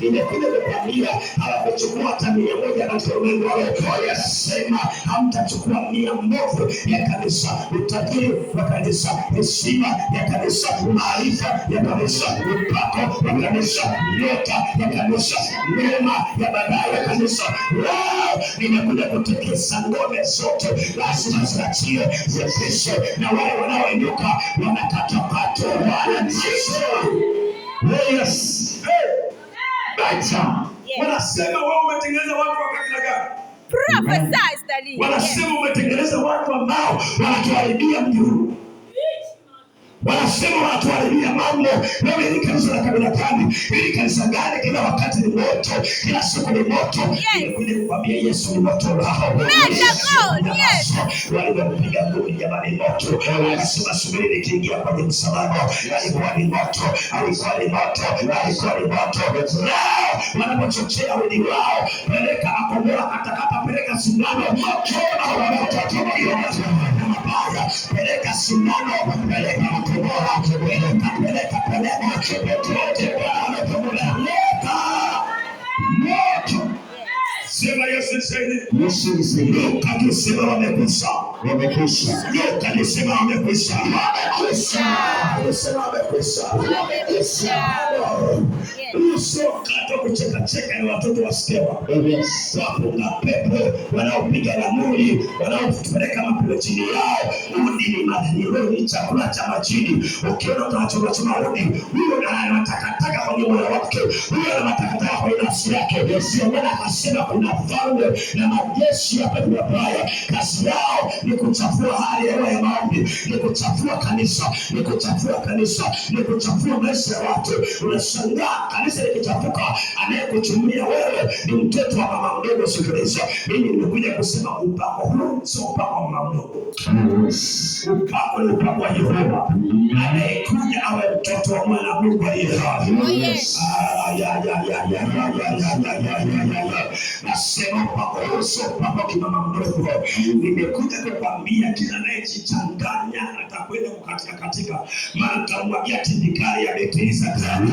imekuja kukwambia hawakuchukua hata mia moja, na ulimwengu Yasema hamtachukua mia mbovu ya kanisa, utajiri wa kanisa, heshima ya kanisa, maarifa ya kanisa, upako wa kanisa, nyota ya kanisa, mema ya baadaye ya kanisa. Imekuja kutekesa ngome zote, lazima ziachie, zepeshe, na wale wanaoinuka wanakatwa katwa, wanatishwa. Yes. Hey. Elijah. Wanasema wewe umetengeneza watu wa kabila gani? Prophesy, Stanley. Wanasema umetengeneza watu ambao wanatuharibia mji huu wanasema wanatuharibia mambo. Leo hili kanisa la kabila gani? Hili kanisa gani? Kila wakati ni moto, kila siku ni moto. Nimekuja kukwambia Yesu ni moto lao walivyopiga ngumi, jamani, moto. Akasema subiri, nikiingia kwenye msalaba. Alikuwa ni moto, alikuwa ni moto, alikuwa ni moto. Nao wanapochochea wengi wao, peleka akombola, atakapapeleka sindano moto, na wanatoka hiyo mabaya, peleka sindano, peleka Thank you. Yesu nisaidie. Yesu nisaidie. Ukajisema wamekwisha. Wamekwisha. Leo ukajisema wamekwisha. Wamekwisha. kucheka cheka ni watoto wasikewa. Wapo na pepo wanaopiga ramli, wanaopeleka mapio chini yao. Udi ni madhiro ni chakula cha majini. Ukiona tunachoma choma udi, huyo naye anatakataka kwenye moyo wake. Huyo anatakataka kwenye nafsi yake. Sio maana akasema kuna mfalme na majeshi ya pepo wabaya. Kazi yao ni kuchafua hali ya hewa ya maombi, ni kuchafua kanisa, ni kuchafua kanisa, ni kuchafua maisha ya watu. Unashangaa kanisa likichafuka kutumia wewe ni mtoto wa mama mdogo Yesu Kristo. Mimi nimekuja kusema upako huu sio upako wa mama mdogo, upako ni upako wa Yehova anayekuja awe mtoto wa mwana wa Mungu aliye hai. Nasema upako huu sio upako wa mama mdogo. Nimekuja kukwambia kila anayejichanganya atakwenda kukatika katika, maana tamwagia tindikali ya betisa tatu.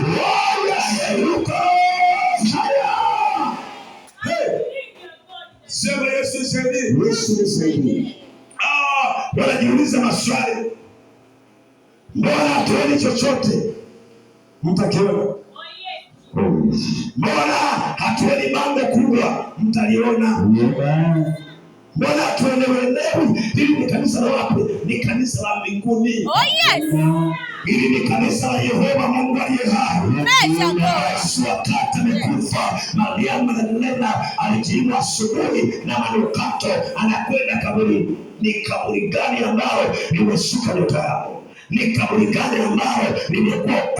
Yeruka Yesu nisaidie. Ah, wanajiuliza maswali, mbona hatuoni chochote? Mtakiona. Mbona hatuoni mambo kubwa? Mtaliona. Mbona uelewi Hili ni kanisa la wapi? Ni kanisa la mbinguni. Oh yes. Hili ni kanisa la Yehova Mungu aliye hai. Yesu wakati Mariamu Magdalena alijiinua asubuhi na manukato, anakwenda kaburi. Ni kaburi gani ambayo limeshika nyota yako? Ni kaburi gani ambayo limekuwa